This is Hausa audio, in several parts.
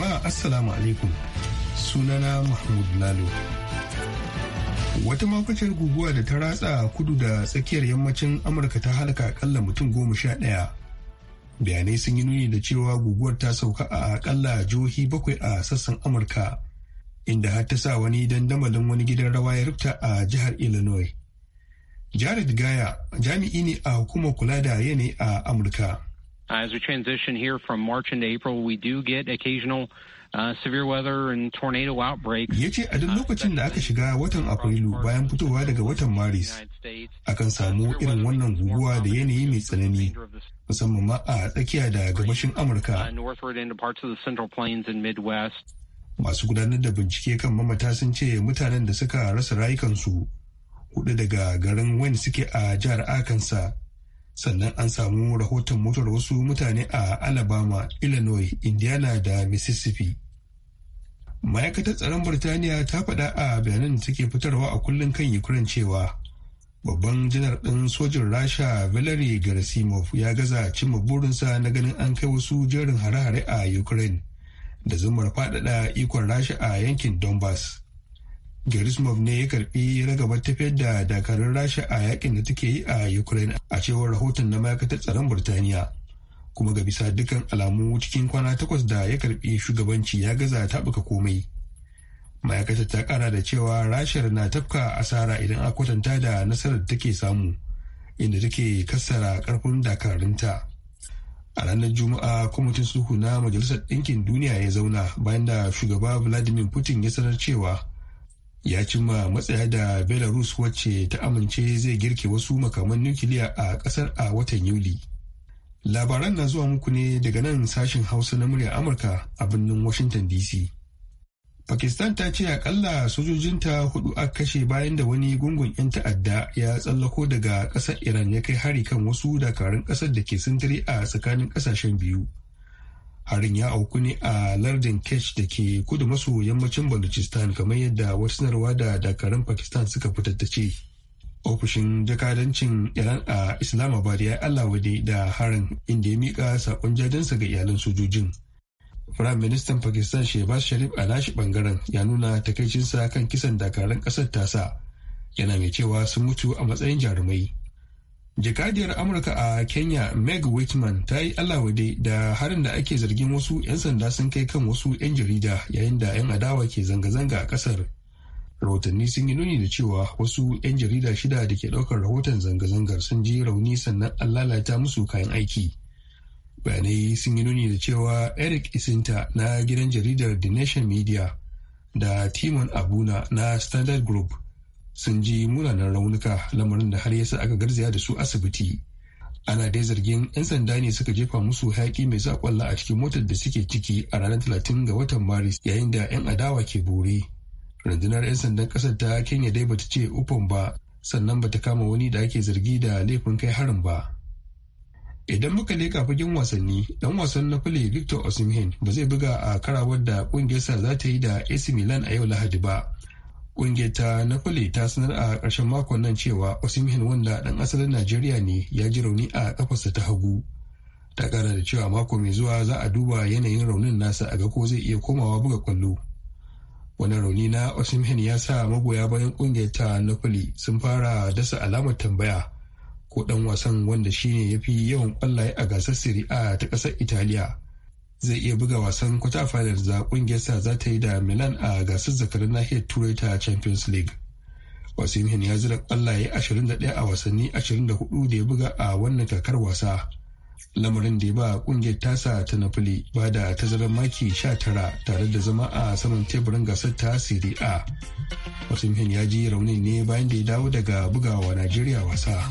jama'a assalamu alaikum sunana mahmud lalo wata makwacin guguwa da ta ratsa kudu da tsakiyar yammacin amurka ta halaka akalla mutum goma sha ɗaya bayanai sun yi nuni da cewa guguwar ta sauka a akalla jihohi bakwai a sassan amurka inda har ta sa wani dandamalin wani gidan rawa ya rufta a jihar illinois jared gaya jami'i ne a hukumar kula da yanayi a amurka Uh, as we transition here from March into April, we do get occasional Uh, severe weather and tornado outbreaks. Ya ce a duk lokacin da aka shiga watan Afrilu bayan fitowa daga watan Maris, akan samu irin wannan guguwa da yanayi mai tsanani, musamman ma a tsakiya da gabashin Amurka. Uh, Masu gudanar da bincike kan mamata sun ce mutanen da suka rasa rayukansu hudu daga garin Wayne suke a jihar Arkansas. sannan an samu rahoton motar wasu mutane a alabama illinois indiana da mississippi ma'aikatar tsaron birtaniya ta faɗa a bayanan da take fitarwa a kullum kan ukraine cewa babban janar ɗin sojin rasha valery gerasimov ya gaza cimma burinsa na ganin an kai wasu jerin hare-hare a ukraine da zumar faɗaɗa ikon rasha a yankin donbass Gerismov ne ya karbi ragabar tafiyar da dakarun Rasha a yakin da take yi a Ukraine a cewar rahoton na ma'aikatar tsaron Burtaniya. Kuma ga bisa dukkan alamu cikin kwana takwas da ya karbi shugabanci ya gaza ta buka komai. Ma'aikatar ta kara da cewa Rashar na tafka asara idan a kwatanta da nasarar da take samu, inda take kassara karfin dakararinta a ranar juma'a kwamitin sulhu na majalisar ɗinkin duniya ya zauna bayan da shugaba vladimir putin ya sanar cewa ya cimma matsaya da belarus wacce ta amince zai girke wasu makaman nukiliya a kasar a watan yuli labaran na zuwa muku ne daga nan sashen hausa na murya amurka a birnin washington dc pakistan ta ce akalla sojojinta hudu a kashe bayan da wani gungun 'yan ta'adda ya tsallako daga kasar iran ya kai hari kan wasu dakarun kasar da ke sintiri a tsakanin kasashen biyu harin ya auku ne a lardin kesh da ke kudu maso yammacin baluchistan kamar yadda wata sanarwa da dakarun pakistan suka fitar da ce ofishin jakadancin iran a islamabad ya allah wade da harin inda ya mika sakon jadansa ga iyalan sojojin firayim ministan pakistan shehbaz sharif a nashi bangaren ya nuna takaicinsa kan kisan dakarun kasar tasa yana mai cewa sun mutu a matsayin jarumai jakadiyar amurka a kenya meg whitman ta yi alawade da harin da ake zargin wasu 'yan sanda sun kai kan wasu 'yan jarida yayin da 'yan adawa ke zanga-zanga a kasar rahotanni sun yi nuni da cewa wasu 'yan jarida shida da ke daukar rahoton zanga-zangar sun ji rauni sannan an lalata musu kayan aiki bayanai sun yi nuni da cewa eric isinta na gidan jaridar the nation media da timon abuna na standard group sun ji munanan raunuka lamarin da har yasa aka garzaya da su asibiti ana dai zargin 'yan sanda ne suka jefa musu hayaki mai zakwalla a cikin motar da suke ciki a ranar Talatin ga watan maris yayin da 'yan adawa ke bore rundunar 'yan sandan kasar ta kenya dai bata ce ufan ba sannan bata kama wani da ake zargi da laifin kai harin ba idan muka leka fagen wasanni dan wasan na fili victor osimhen ba zai buga a karawar da kungiyarsa za ta yi da ac milan a yau lahadi ba Ƙungiyar ta Napoli ta sanar a ƙarshen makon nan cewa Osimhen wanda ɗan asalin Najeriya ne ya ji rauni a ƙafarsa ta hagu. Ta ƙara da cewa mako mai zuwa za a duba yanayin raunin nasa a ga ko zai iya komawa buga ƙwallo. Wani rauni na Osimhen ya sa magoya bayan ƙungiyar ta Napoli sun fara dasa alamar tambaya ko ɗan wasan wanda shine ya fi yawan ƙwallaye a gasar Serie A ta ƙasar Italiya. zai iya buga wasan kwata final da ƙungiyarsa za ta yi da milan a gasar zakarin nahiyar turai ta champions league wasimhen ya zira kwallaye 21 a wasanni 24 da ya buga a wannan kakar wasa lamarin da ya ba kungiyar tasa ta napoli ba da tazarar maki 19 tare da zama a saman teburin gasar ta serie a wasimhen ya ji rauni ne bayan da ya dawo daga bugawa najeriya wasa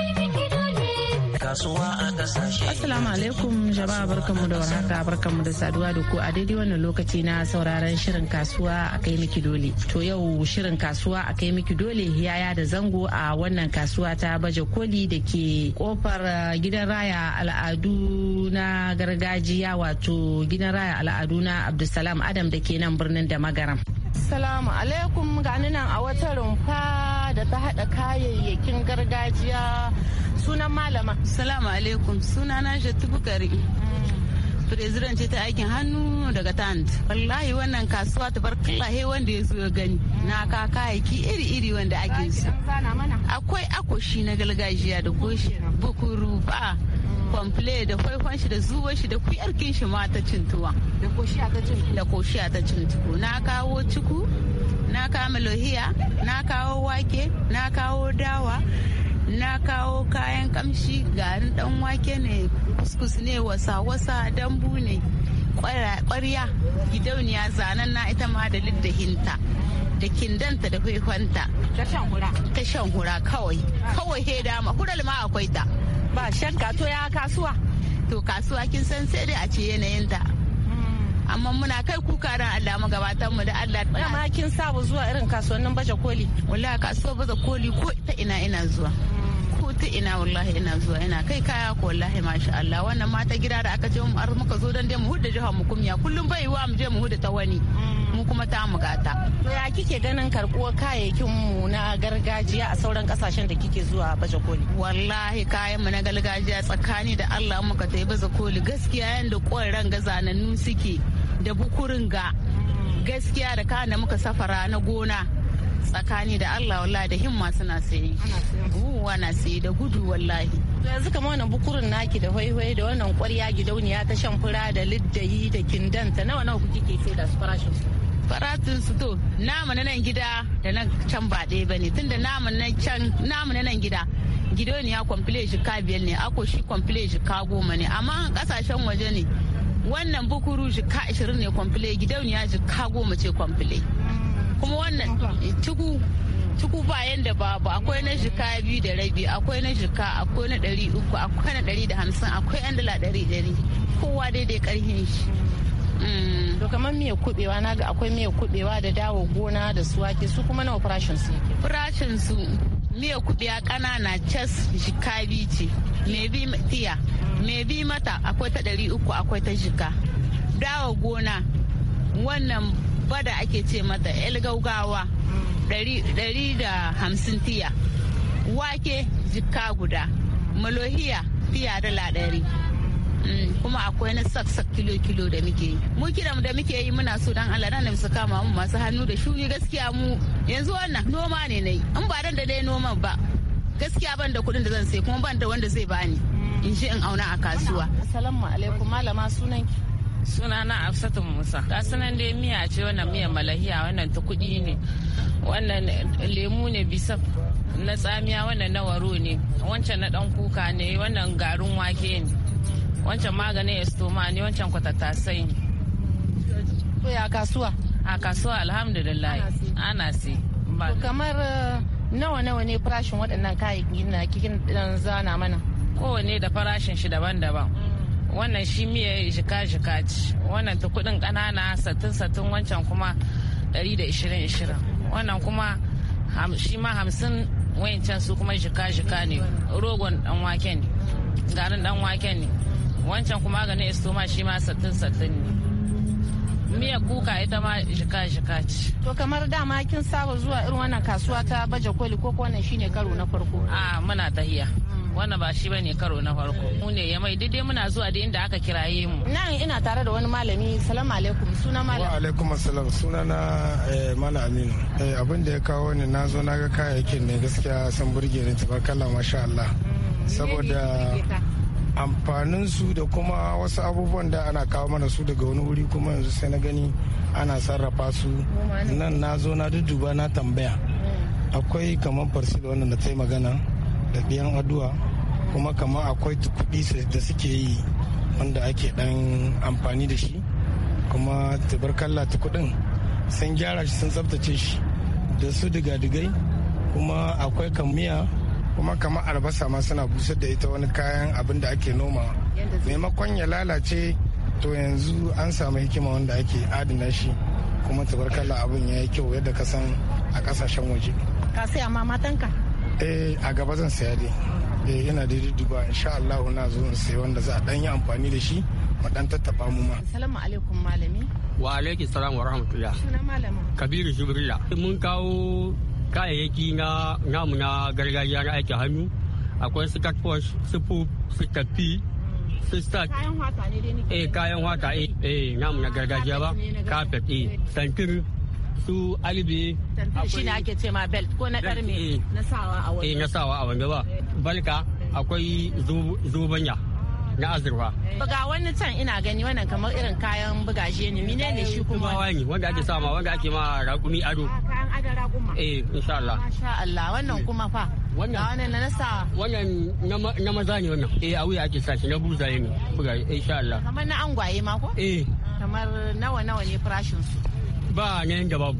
Assalamu alaikum jama'a barkanmu da warhaka barkanmu da saduwa da ku a daidai wannan lokaci na sauraron shirin kasuwa a kai miki dole. To yau shirin kasuwa a kai miki dole yaya da zango a wannan kasuwa ta baje koli da ke kofar uh, gidan raya al'adu na gargajiya wato gidan raya al'adu na Abdulsalam Adam da ke nan birnin da magaram. Salamu alaikum ga nan a wata rumfa da ta haɗa kayayyakin gargajiya sunan malama. Salamu alaikum sunana Jatu Gari. president ce ta aikin hannu daga tant wallahi wannan kasuwa ta bar kallahe wanda ya zo ya gani na ka kayayyaki iri-iri wanda ake so akwai akoshi na gargajiya da goshi bukuru ba kwamfule da faifan shi da zuwa shi da kuyarkin shi mata ta cintuwa da koshiya ta cintuwa na kawo ciku na kawo malohiya na kawo wake na kawo na kawo kayan kamshi garin dan wake ne kuskus ne wasa-wasa dambu ne kwarya gidauniya zanen na ita ma da liddahinta da kindanta da kwaikwanta ta shan hura kawai kawai he dama hural ma akwai ta ba shan kato ya kasuwa to kasuwa kin san sai dai a ce ta hmm. amma muna kai kuka ran Allah mu gabatar mu da Allah ma kin sabu zuwa irin kasuwannin baje koli wallahi kasuwa baje koli ko ta ina ina zuwa hmm. duk ina wallahi ina zuwa ina kai kaya ko wallahi masha Allah wannan mata gida da aka ce mu ar muka zo dan dai mu hudda jihar mu kumya kullum bai wa mu je mu hudda ta wani mm. mu kuma ta mu gata ya kike ganin karkuwa kayayyakin mu na gargajiya a sauran kasashen da kike zuwa baje koli wallahi kayan mu na gargajiya tsakani da Allah muka tayi baje koli gaskiya yanda ƙoran gazanannu suke da bukurin ga mm. gaskiya da kana da muka safara na gona tsakani da Allah wallahi da himma suna saye buwa na saye da gudu wallahi yanzu kama wannan bukurin naki da waiwai da wannan kwarya gidauniya ta shan fura da liddayi da kindanta nawa nawa kuke ke sai da su farashin su su to namu na nan gida da nan can ba ɗaya bane tunda namu na can namu na nan gida gidauniya kwamfile shika biyar ne ako shi kwamfile jika goma ne amma kasashen waje ne wannan bukuru shika ashirin ne kwamfile gidauniya jika goma ce kwamfile kuma wannan tugu tuku ba yanda babu akwai na jika biyu da rabi akwai na jika akwai na ɗari uku akwai na ɗari da hamsin akwai yan dala ɗari ɗari kowa daidai ƙarfin shi mm. to kamar miya kubewa na ga akwai miya kubewa da dawo gona da su wake su kuma nawa farashin su yake farashin su miya kubewa ƙanana chess jika biyu ce me bi tiya me bi mata akwai ta ɗari uku akwai ta jika dawo gona wannan babba da ake ce mata el gaugawa ɗari da hamsin tiya wake jikka guda malohiya tiya dala ɗari mm, kuma akwai na sak-sak kilo-kilo da muke yi mu kiran da muke yi muna so dan Allah nan su kama mu masu hannu da shuni gaskiya mu yanzu wannan noma ne na yi in ba dan da dai noman ba gaskiya ban da kudin da zan sai kuma ban da wanda zai bani in ji in auna a kasuwa assalamu alaikum malama sunan ki Suna na afsatun Musa. Ga sunan dai miya ce wannan miya malahiya wannan ta kudi ne. Wannan lemu ne bisaf na tsamiya wannan na waro ne. Wancan na dan kuka ne wannan garin wake ne. Wancan maganin estoma ne wancan kwatattasai ne. A kasuwa? A kasuwa alhamdulillah ana sai. Kamar uh, nawa nawa ne farashin waɗannan kayayyakin na kikin uh, zana mana? Kowane da farashin shi daban-daban. wannan shi miya jika jika ce wannan ta kudin kanana satin satin wancan kuma 120 wannan kuma shi ma hamsin wayancan su kuma jika jika ne rogon dan wake ne garin dan wake ne wancan kuma ganin ma shi ma satin satin ne miya kuka ita ma jika jika ce to kamar dama kin saba zuwa irin wannan kasuwa ta baje koli ko wannan shine karo na farko a muna tahiya wannan ba shi bane karo na farko mu ne ya mai daidai muna zuwa da inda aka kiraye mu nan ina tare da wani malami salamu alaikum suna malam wa alaikum assalam suna na eh, malam aminu eh, abin da ya kawo ni na zo na ga kayayyakin ne gaskiya sun burge ni tabarkalla masha Allah mm, saboda amfanin su da kuma wasu abubuwan da ana kawo mana su daga wani wuri kuma yanzu sai na gani ana sarrafa su nan na zo na dudduba na tambaya mm. akwai kamar farsil wannan da ta magana da biyan addu'a kuma kama akwai kuɗi da suke yi wanda ake ɗan amfani da shi kuma tabarkalla ta kuɗin sun gyara shi sun tsabtace shi da su diga-digai kuma akwai kamiya kuma kama albasa ma suna busar da ita wani kayan abin da ake noma maimakon ya lalace to yanzu an samu hikima wanda ake adana shi kuma tabarkalla abin ya yi kyau yadda ka san a kasashen waje ka sai amma matanka eh a gaba zan saya dai eh yana da duba insha Allah na zo in sayi wanda za a dan yi amfani da shi mu dan tattaba mu ma assalamu alaikum malami wa alaikum salam wa rahmatullah suna malama kabiru jibrila mun kawo kayayyaki na namu na gargajiya na aikin hannu akwai su catfish su poop su tafi su start kayan wata ne dai eh kayan wata eh, eh namu na gargajiya ba carpet eh santir su alibe shi ne ake ce ma belt ko na ɗarme eh. na sawa a wani eh, na sawa a wani ba balka akwai zubanya na azurfa buga wani can ina gani wannan kamar irin kayan bugaje ne mine ne shi kuma wani wanda ake sama wanda ake ma rakumi ado ah, kayan adon rakuma eh insha Allah insha Allah wannan eh. kuma fa wannan wannan na nasa wannan na maza ne wannan eh a wuya ake sa shi na buzaye ne bugaje insha Allah kamar na angwaye ma ko eh kamar nawa nawa ne farashin su ba nan da babu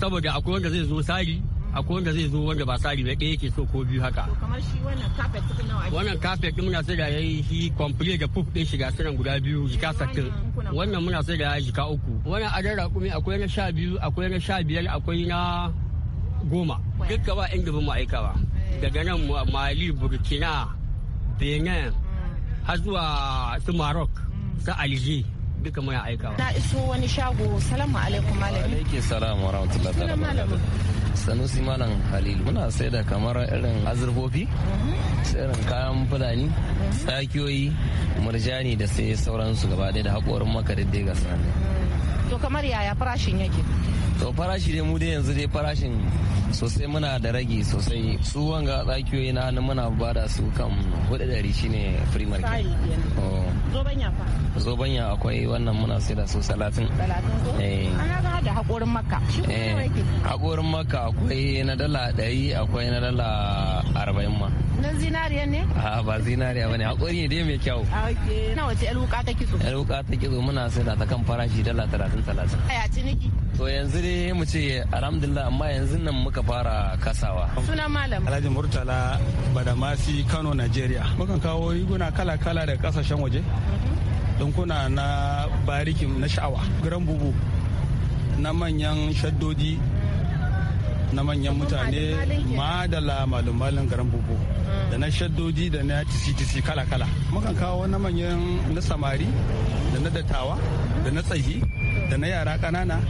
saboda akwai wanda zai zo sari akwai wanda zai zo wanda ba sari bai yake so ko biyu haka wannan kafet din muna sai da yayi shi complete da puf din shiga sunan guda biyu jika sakin wannan muna sai da jika uku wannan adar rakumi akwai na sha biyu akwai na sha biyar akwai na goma dukka ba inda bin ma'aika ba eh. daga nan mali burkina benin mm. har zuwa su maroc mm. su alger duka muna aikawa na iso wani shago salamu alaikum malam alaikum salam wa rahmatullahi wa barakatuh sanusi malam halil muna sai da kamar irin azurfofi mhm. irin kayan fulani tsakiyoyi mhm. murjani da sai sauransu gaba da haƙorin makarar dai ga to kamar yaya farashin yake to farashi ne mu dai yanzu dai farashin sosai muna da rage sosai su wanga tsakiyoyi na hannun muna ba da su kan hudu dari shine free market oh. zobanya fa zobanya akwai wannan muna sai da su salatin eh ana da hakorin makka eh. hakorin makka akwai na dala dari akwai na dala arba'in ma Don zinariya ne? A'a ba zinariya ba ne, haƙuri ne dai mai kyau. Na wace ƴar wuƙa ta kitso? Ƴar wuƙa ta kitso muna sai ta kan farashi dala talatin talatin. Aya ciniki? To yanzu dai mu ce alhamdulillah amma yanzu nan muka fara kasawa. Sunan malam. Alhaji Murtala Badamasi Kano Nigeria. Mukan kawo riguna kala-kala daga kasashen waje. Mhm. Dunkuna na barikin na sha'awa. Giran bubu na manyan shaddodi na manyan mutane madala malum-malin garin bubu. da na shaddoji da na tisi-tisi kala-kala mukan kawo na manyan na samari da na dattawa da na tsayi da na yara kanana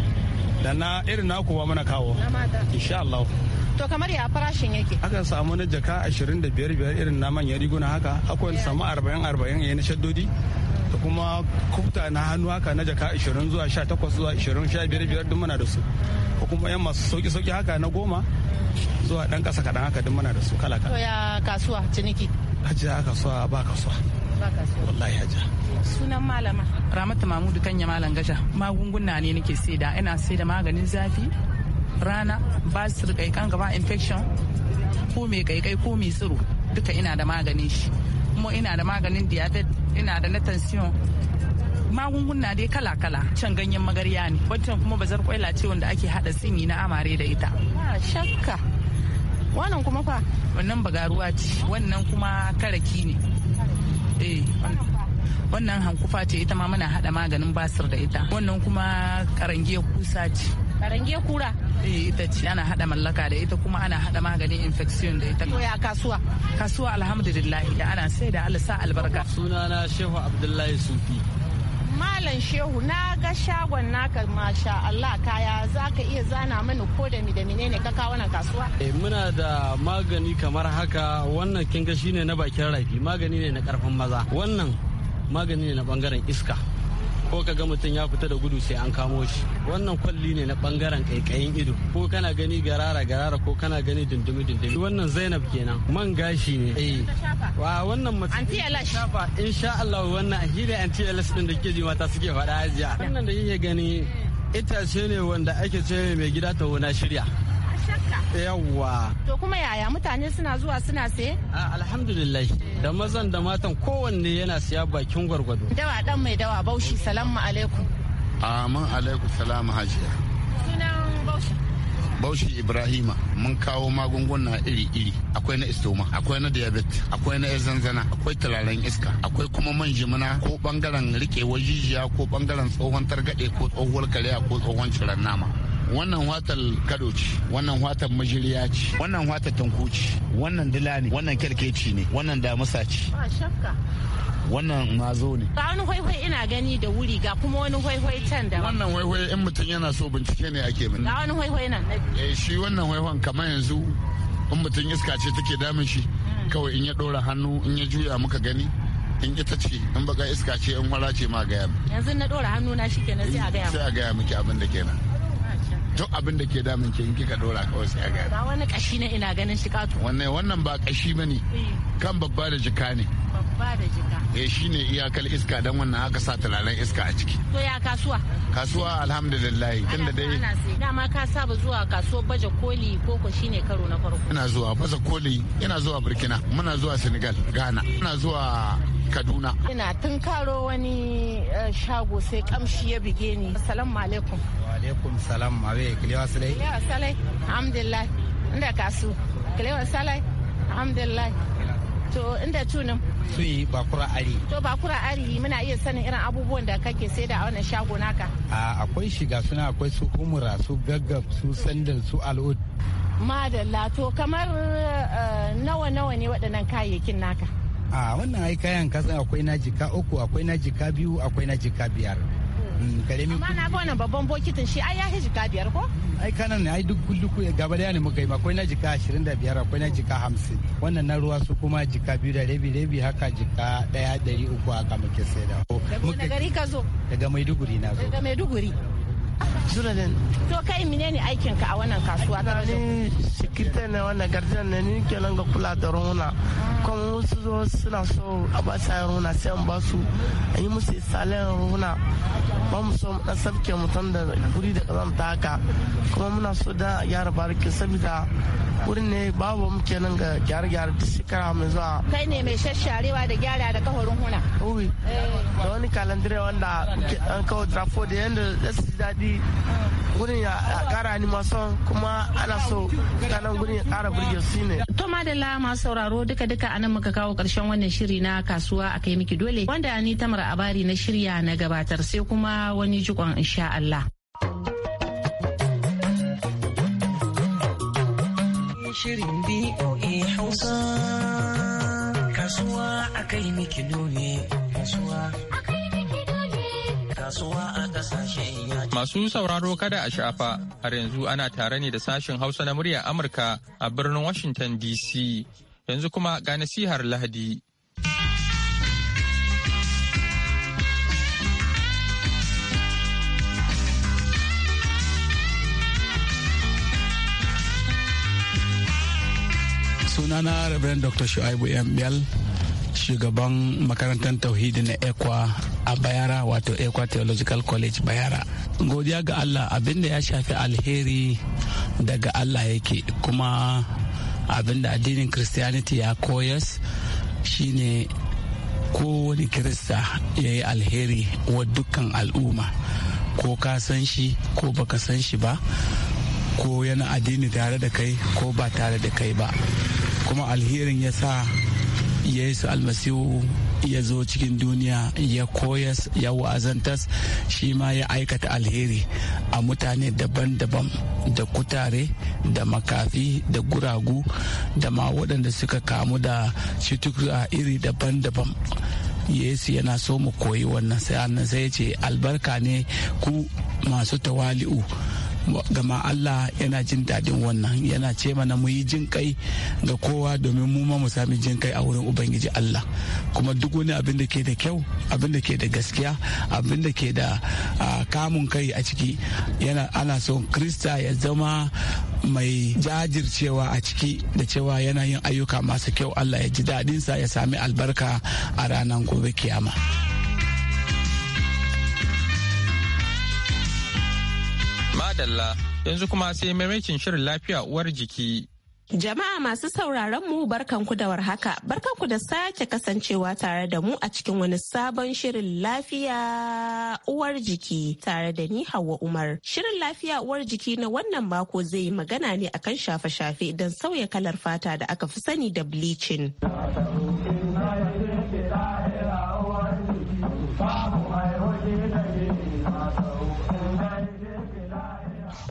da na irin na kowa muna kawo insha Allah to kamar ya farashin yake aka samu na jaka 25 irin na manyan riguna haka akwai samu 40 40 na shaddodi da kuma kubta na hannu haka na jaka 20 zuwa 18 zuwa 20 sha biyar biyar duk muna da su ko kuma yan masu sauki sauki haka na goma zuwa dan kasa kaɗan haka duk muna da su kala kala. ya kasuwa ciniki. hajiya kasuwa ba kasuwa. ba kasuwa. wallahi hajiya. sunan malama. ramatu mamudu kanya malam gasha magunguna ne nake saida ina saida maganin zafi rana basir kan gaba infection ko mai kai ko mai tsiro duka ina da maganin shi kuma ina da maganin diabetes ina da na tension magunguna dai kala-kala can ganyen magarya ne wancan kuma bazar kwaila ce wanda ake hada tsini na amare da ita shakka wannan kuma fa wannan bagaruwa ce wannan kuma karaki ne eh wannan hankufa ce ita ma muna hada maganin basir da ita wannan kuma karange kusa ce karange kura eh ita ce ana hada mallaka da ita kuma ana hada maganin infection da ita ya kasuwa kasuwa alhamdulillah da ana sai da Allah sa albarka sunana Shehu Abdullahi Sufi Malam Shehu na ga shagon naka masha Allah kaya za ka iya zana mana ko da da menene ka kawo nan kasuwa? Eh, muna da magani kamar haka wannan kinga shine na bakin rafi magani ne na karfin maza wannan magani ne na bangaren iska ko ka ga mutum ya fita da gudu sai an kamo shi wannan kwalli ne na bangaren kaikayin ido ko kana gani garara garara ko kana gani dundumi dundumi wannan zainab kenan man gashi ne eh wa wannan mutum shafa insha Allah wannan hira anti alash din da ke ji mata suke faɗa hajiya wannan da yake gani itace ne wanda ake ce mai gida ta wona shirya ka yawwa to kuma yaya mutane suna zuwa suna saye alhamdulillah da mazan da matan kowanne yana siya bakin gwargwado dawa dan mai dawa baushi salamu alaikum amin alaikum salamu hajiya sunan baushi Bauchi Ibrahima mun kawo magunguna iri-iri akwai na istoma akwai na diabetes akwai na zanzana akwai turaren iska akwai kuma man jimina ko bangaren rikewar jijiya ko bangaren tsohon targade ko tsohuwar kariya ko tsohon ciran nama wannan watan kado ce wannan watan majiriya ce wannan watan tanko ce wannan dila ne wannan kyalkeci ne wannan damusa ce wannan mazo ne. ba wani hwaihwai ina gani da wuri ga kuma wani hwaihwai can da. Wannan hwaihwai in mutum yana so bincike ne ake mini. Ga wani hwaihwai nan. Eh shi wannan hwaihwan kamar yanzu in mutum iska ce take damun shi hmm. kawai in ya dora hannu in ya juya muka gani in ita ce in baka iska ce in wara ce ma gaya. Yanzu na dora hannu na shi kenan sai a gaya. Eh, sai a gaya miki abin da kenan. duk abin da ke damun ke in kika dora kawai sai ga ba wani kashi ne ina ganin shi kato wannan wannan ba kashi bane eh. kan babba da jika ne babba da jika eh shine iyakar iska dan wannan aka sa talalan iska a ciki to ya kasuwa kasuwa alhamdulillah tunda dai dama ka saba zuwa kasuwa baje koli ko ko shine karo na farko ina zuwa baje koli ina zuwa burkina muna zuwa senegal ghana Muna zuwa kaduna ina tun karo wani eh, shago sai kamshi ya bige ni assalamu alaikum wa alaikum salam mawe kilewa salai kilewa salai alhamdulillah inda kasu kilewa salai alhamdulillah to inda tunin su yi bakura ari to bakura ari muna iya sanin irin abubuwan da kake sai da a wannan shago naka a akwai shiga suna akwai su umura su gaggab su sandal su al'ud madalla to kamar eh, nawa nawa ne waɗannan kayayyakin naka a wannan ai kayan katsan akwai na jika uku akwai na jika biyu akwai na jika biyar hmm, karamin amma na ga wannan babban bokitin shi ai ya hi jika biyar ko ai kanan ne ai duk kulluku eh, gaba daya ne muka yi akwai na jika 25 akwai na jika 50 wannan na ruwa su kuma jika biyu da rabi rabi haka jika daya 300 haka muke sai da daga gari ka zo daga maiduguri na zo daga maiduguri Zuradin. To kai mine ne aikinka a wannan kasuwa ta Ni sikita ne wannan garjan ne ni ke nan ga kula da runa. Kuma wasu zo suna so a ba sa runa sai an ba su a yi musu isalen runa. Ba mu so na sabke mutum da guri da ta haka. Kuma muna so da gyara bariki saboda wurin ne babu mu kenan ga gyara-gyara duk shekara mai zuwa. Kai ne mai shasharewa da gyara da kahorin huna. Uwi. Da wani kalandire wanda an kawo drafo da yadda za su ji daɗi gudun ya kara ni maso kuma ana so kanan gudun ya kara burge su ne. To madalla masu sauraro duka duka anan muka kawo karshen wannan shiri na kasuwa a kai miki dole wanda ni tamar abari na shirya na gabatar sai kuma wani jikon insha Allah. Shirin BOA Hausa kasuwa a kai miki dole kasuwa Masu sauraro kada a shafa, har yanzu ana tare ne da sashen Hausa na murya Amurka a birnin Washington DC. Yanzu kuma ga nasihar Lahadi. sunana Reverend Dr. Shu'aibu MBL shugaban makarantar tauhidi na ekwa a bayara wato ekwa theological college bayara godiya ga allah abinda ya shafi alheri daga allah yake kuma abinda addinin christianity ya koyas shine kowane kirista ya yi alheri wa dukkan al'umma ko ka san shi ko baka san shi ba ko yana addini tare da kai ko ba tare da kai ba kuma alherin ya sa yesu almasihu ya zo cikin duniya ya koyas ya wa'azantas shi ma ya aikata alheri a mutane daban-daban da kutare da makafi da guragu da ma waɗanda suka kamu da cutuka iri daban-daban yesu yana so mu koyi wannan sai ya ce albarka ne ku masu tawali'u gama Allah yana jin daɗin wannan yana ce mana mu yi jin kai ga kowa domin mu ma mu sami jin kai a wurin ubangiji Allah kuma duk wani abin da ke da kyau abin da ke da gaskiya abin da ke da kamun kai a ciki yana ana son krista ya zama mai jajircewa a ciki da cewa yana yin ayyuka masu kyau Allah ya ji daɗinsa ya sami albarka a ranar gobe kiyama. dalla yanzu kuma sai maimakin shirin lafiya uwar jiki. Jama'a masu sauraron mu barkanku da warhaka, barkanku da sake kasancewa tare da mu a cikin wani sabon shirin lafiya uwar jiki tare da ni Hauwa Umar. Shirin lafiya uwar jiki na wannan mako zai yi magana ne akan shafe-shafe don sauya kalar fata da aka fi sani da bleaching.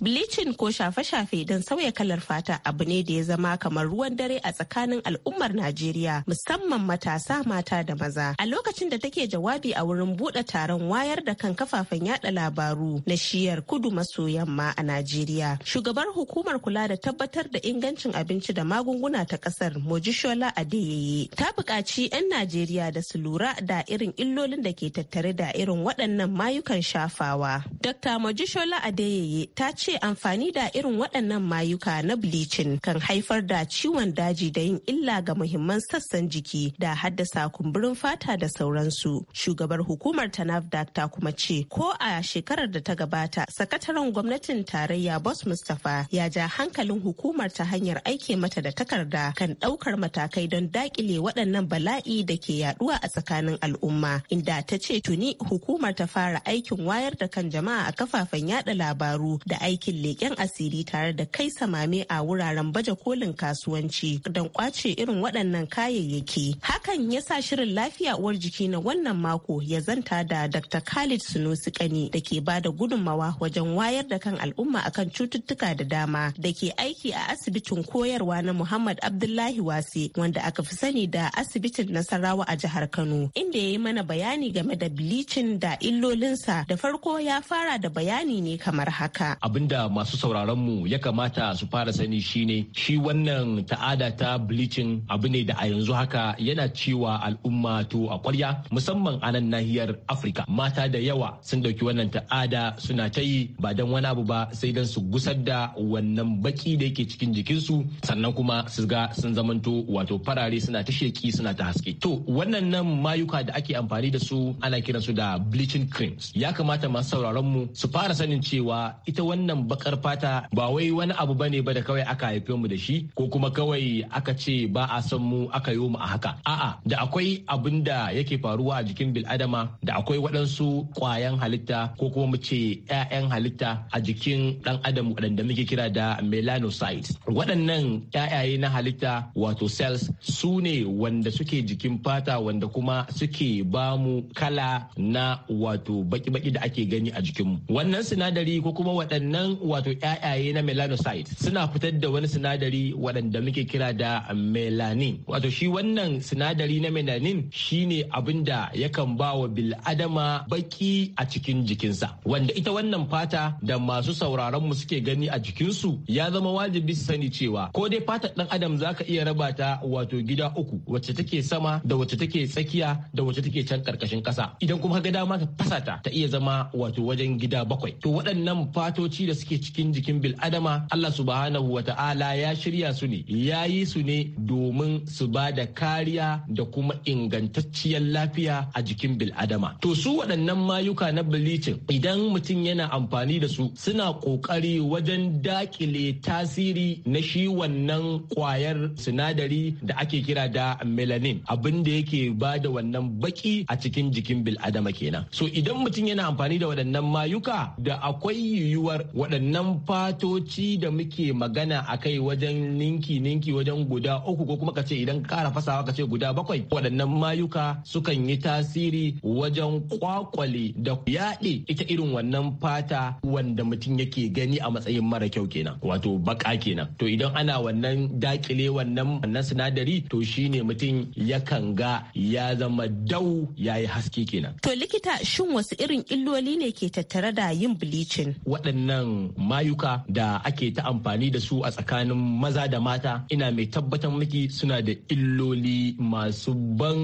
Bleaching ko shafe-shafe don sauya kalar fata abu ne da ya zama kamar ruwan dare a tsakanin al'ummar Najeriya musamman matasa mata da maza. A lokacin da take jawabi a wurin buɗe taron wayar da kan kafafen yada labaru na shiyar kudu maso yamma a Najeriya. Shugabar hukumar kula da tabbatar da ingancin abinci da magunguna ta ƙasar Mojishola Adeyeye ta buƙaci 'yan Najeriya da su lura da irin illolin da ke tattare da irin waɗannan mayukan shafawa. Dr. Mojishola Adeyeye ta ce amfani da irin waɗannan mayuka na bleaching kan haifar da ciwon daji da yin illa ga muhimman sassan jiki da haddasa kumburin fata da sauransu. Shugabar hukumar ta NAFDAC ta kuma ce ko a shekarar da ta gabata sakataren gwamnatin tarayya Bos Mustapha ya ja hankalin hukumar ta hanyar aike mata da takarda kan ɗaukar matakai don dakile waɗannan bala'i da ke yaduwa a tsakanin al'umma inda ta ce tuni hukumar ta fara aikin wayar da kan jama'a a kafafen yaɗa labaru da aikin leƙen asiri tare da kai samame a wuraren baje kolin kasuwanci don kwace irin waɗannan kayayyaki. Hakan ya sa shirin lafiya uwar jiki na wannan mako ya zanta da Dr. Khalid Sunusi Kani da ke ba da gudunmawa wajen wayar da kan al'umma akan cututtuka da dama da ke aiki a asibitin koyarwa na Muhammad Abdullahi Wase wanda aka fi sani da asibitin Nasarawa a jihar Kano inda ya yi mana bayani game da bilicin da illolinsa da farko ya fara da bayani ne kamar haka. Abin da masu sauraron mu ya kamata su fara sani shine shi wannan ta'ada ta bleaching abu ne da a yanzu haka yana cewa al'umma to a kwarya musamman a nan nahiyar Afirka mata da yawa sun dauki wannan ta'ada suna ta yi ba dan wani abu ba sai dan su gusar da wannan baki da yake cikin jikinsu sannan kuma su ga sun zamanto wato farare suna ta sheki suna ta haske to wannan nan mayuka da ake amfani da su ana kiransu da bleaching creams ya kamata masu sauraron mu su fara sanin cewa ita wannan bakar fata ba wai wani abu bane ba da kawai aka haife mu da shi ko kuma kawai aka ce ba a san mu aka yi mu a haka a'a da akwai abin da yake faruwa a jikin bil'adama da akwai waɗansu ƙwayan halitta ko kuma mu ce 'ya'yan halitta a jikin ɗan adam waɗanda muke kira da melanocytes waɗannan 'ya'yaye na halitta wato cells su ne wanda suke jikin fata wanda kuma suke ba mu kala na wato baki-baki da ake gani a jikinmu wannan sinadari ko kuma waɗannan waɗannan wato ƴaƴaye na melanocyte suna fitar da wani sinadari waɗanda muke kira da melanin wato shi wannan sinadari na melanin shine abin da yakan ba wa bil'adama baki a cikin jikinsa wanda ita wannan fata da masu sauraron mu suke gani a jikinsu ya zama wajibi su sani cewa ko dai fatar ɗan adam zaka iya raba ta wato gida uku wacce take sama da wacce take tsakiya da wacce take can karkashin ƙasa idan kuma ka ga dama ka fasa ta ta iya zama wato wajen gida bakwai to waɗannan fatoci cutoci da suke cikin jikin bil'adama Allah subhanahu wa ta'ala ya shirya su ne ya yi su ne domin su ba da kariya da kuma ingantacciyar lafiya a jikin bil'adama to su waɗannan mayuka na bilicin idan mutum yana amfani da su suna ƙoƙari wajen dakile tasiri na shi wannan kwayar sinadari da ake kira da melanin abin da yake ba da wannan baki a cikin jikin bil'adama kenan so idan mutum yana amfani da waɗannan mayuka da akwai yiwuwar waɗannan fatoci da muke magana a kai wajen ninki ninki wajen guda uku ko kuma ka ce idan kara fasawa ka ce guda bakwai waɗannan mayuka sukan yi tasiri wajen kwakwale da yaɗe ita irin wannan fata wanda mutum yake gani a matsayin mara kyau kenan wato baka kenan to idan ana wannan dakile wannan wannan sinadari to shine mutum yakan ga ya zama dau yayi haske kenan to likita shin wasu irin illoli ne ke tattare da yin bleaching waɗannan waɗannan mayuka da ake ta amfani da su a tsakanin maza da mata ina mai tabbatar miki suna da illoli masu ban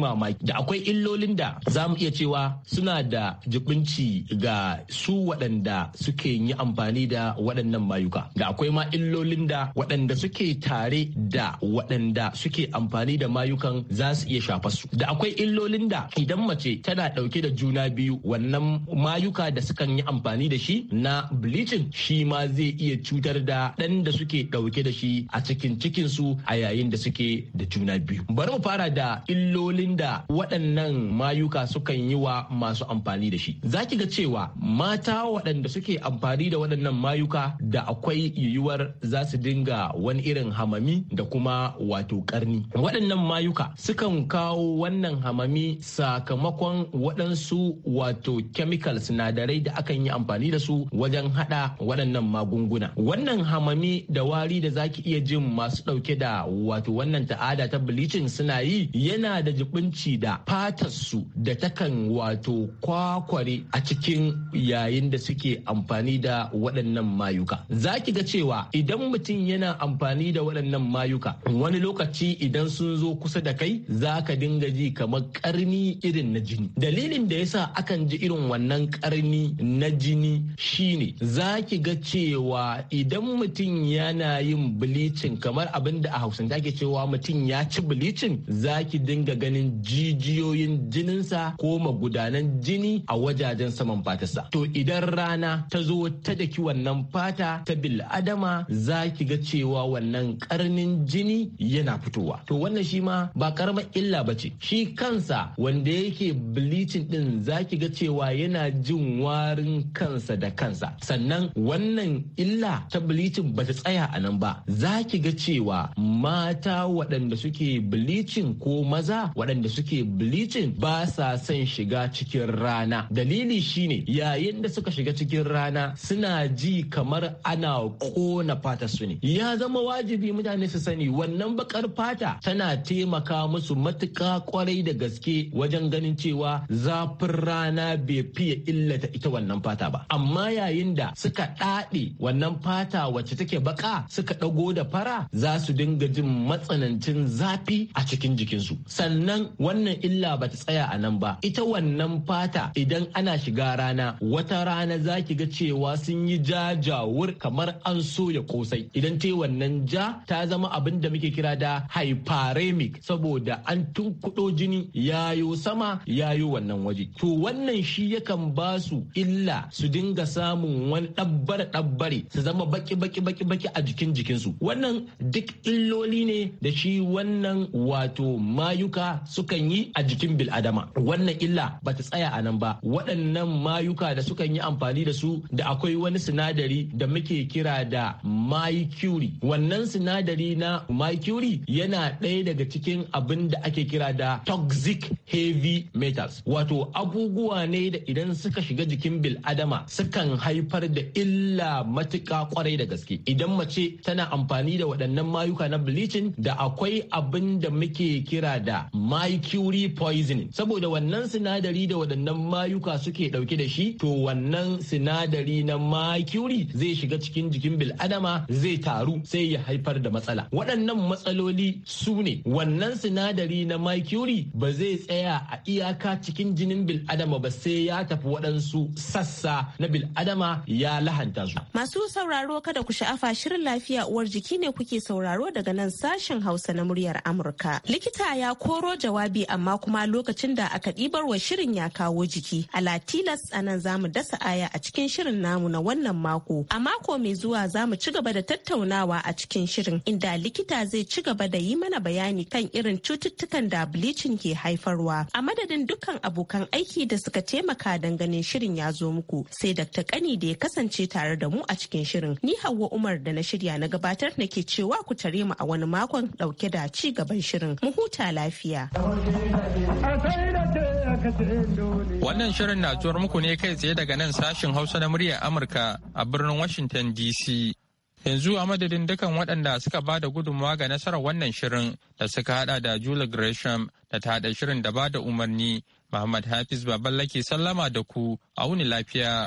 mamaki da akwai illolin da za mu iya cewa suna da jibinci ga su waɗanda suke yi amfani da waɗannan mayuka da akwai ma illolin da waɗanda suke tare da waɗanda suke amfani da mayukan za su iya shafa su da akwai illolin da idan mace tana ɗauke da juna biyu wannan mayuka da sukan yi amfani da shi na bleaching shi ma zai iya cutar da ɗan da suke ɗauke da shi a cikin cikinsu a yayin da suke da juna biyu. Bari mu fara da illolin da waɗannan mayuka sukan yi wa masu amfani da shi. Za ga cewa mata waɗanda suke amfani da waɗannan mayuka da akwai yiwuwar za su dinga wani irin hamami da kuma wato karni. Waɗannan mayuka sukan kawo wannan hamami sakamakon waɗansu wato chemical sinadarai da akan yi amfani da su wajen wajen hada waɗannan magunguna wannan hamami da wari da zaki iya jin masu ɗauke da wato wannan ta'ada ta bleaching suna yi yana da jibinci da fatarsu da takan wato kwakware a cikin yayin da suke amfani da waɗannan mayuka zaki ga cewa idan mutum yana amfani da waɗannan mayuka wani lokaci idan sun zo kusa da kai za ka dinga ji kamar karni irin na jini dalilin da yasa akan ji irin wannan karni na jini shine za ki ga cewa idan mutum yana yin bilicin kamar abin da a hausance ake cewa mutum ya ci bilicin za ki dinga ganin jijiyoyin jininsa ko magudanan jini a wajajen saman fatarsa to idan rana ta zo ta daki wannan fata ta bil adama za ki ga cewa wannan karnin jini yana fitowa to wannan shi ma ba karamar illa ba ce shi kansa wanda yake bilicin din za ki ga cewa yana jin warin kansa da kansa sannan wannan illa ta bleaching ba ta tsaya a nan ba za ki ga cewa mata waɗanda suke bleaching ko maza waɗanda suke bleaching ba sa son shiga cikin rana dalili shine yayin da suka shiga cikin rana suna ji kamar ana kona fata su ne ya zama wajibi mutane su sani wannan bakar fata tana taimaka musu matuƙa kwarai da gaske wajen ganin cewa zafin rana bai fiye illata ita wannan fata ba amma yayin kwayoyin da suka ɗaɗe wannan fata wacce take baka suka ɗago da fara za su dinga jin matsanancin zafi a cikin jikinsu sannan wannan illa ba ta tsaya a nan ba ita wannan fata idan ana shiga rana wata rana za ki ga cewa sun yi jajawur kamar an soya kosai idan ta wannan ja ta zama abin da muke kira da hyperemic saboda an tunkuɗo jini yayo sama yayo wannan waje to wannan shi yakan ba su illa su dinga samun wani ɗabbare ɗabbare su zama baki baki baki baki a jikin jikinsu wannan duk illoli ne da shi wannan wato mayuka sukan yi a jikin biladama wannan illa ba ta tsaya a nan ba waɗannan mayuka da sukan yi amfani da su da akwai wani sinadari da muke kira da mercury wannan sinadari na mercury yana ɗaya daga cikin abin da ake kira da toxic heavy metals wato abubuwa ne da idan suka shiga jikin biladama sukan hai haifar da illa matuƙa kwarai da gaske idan mace tana amfani da waɗannan mayuka na bleaching da akwai abin da muke kira da mercury poisoning saboda wannan sinadari da waɗannan mayuka suke ɗauke da shi to wannan sinadari na mercury zai shiga cikin jikin bil'adama zai taru sai ya haifar da matsala waɗannan matsaloli su ne wannan sinadari na mercury ba zai tsaya a iyaka cikin jinin bil'adama ba sai ya tafi waɗansu sassa na bil'adama ya lahanta su. Masu sauraro kada ku sha'afa shirin lafiya uwar jiki ne kuke sauraro daga nan sashen Hausa na muryar Amurka. Likita ya koro jawabi amma kuma lokacin da aka ɗibar wa shirin ya kawo jiki. A Latilas a nan za mu dasa aya a cikin shirin namu na wannan mako. A mako mai zuwa za mu ci gaba da tattaunawa a cikin shirin inda likita zai ci gaba da yi mana bayani kan irin cututtukan da bleaching ke haifarwa. A madadin dukkan abokan aiki da suka taimaka ganin shirin ya zo muku sai Dr. Kani da ya kasance tare da mu a cikin shirin. Ni Hauwa Umar da na shirya na gabatar nake cewa ku tare mu a wani makon dauke da ci gaban shirin. Mu huta lafiya. Wannan shirin na zuwar muku ne kai tsaye daga nan sashin Hausa na muryar Amurka a birnin Washington DC. Yanzu a madadin dukan waɗanda suka ba da gudunmawa ga nasarar wannan shirin da suka hada da Julie Gresham da ta haɗa shirin da ba da umarni Muhammad Hafiz Baballake sallama da ku a wuni lafiya.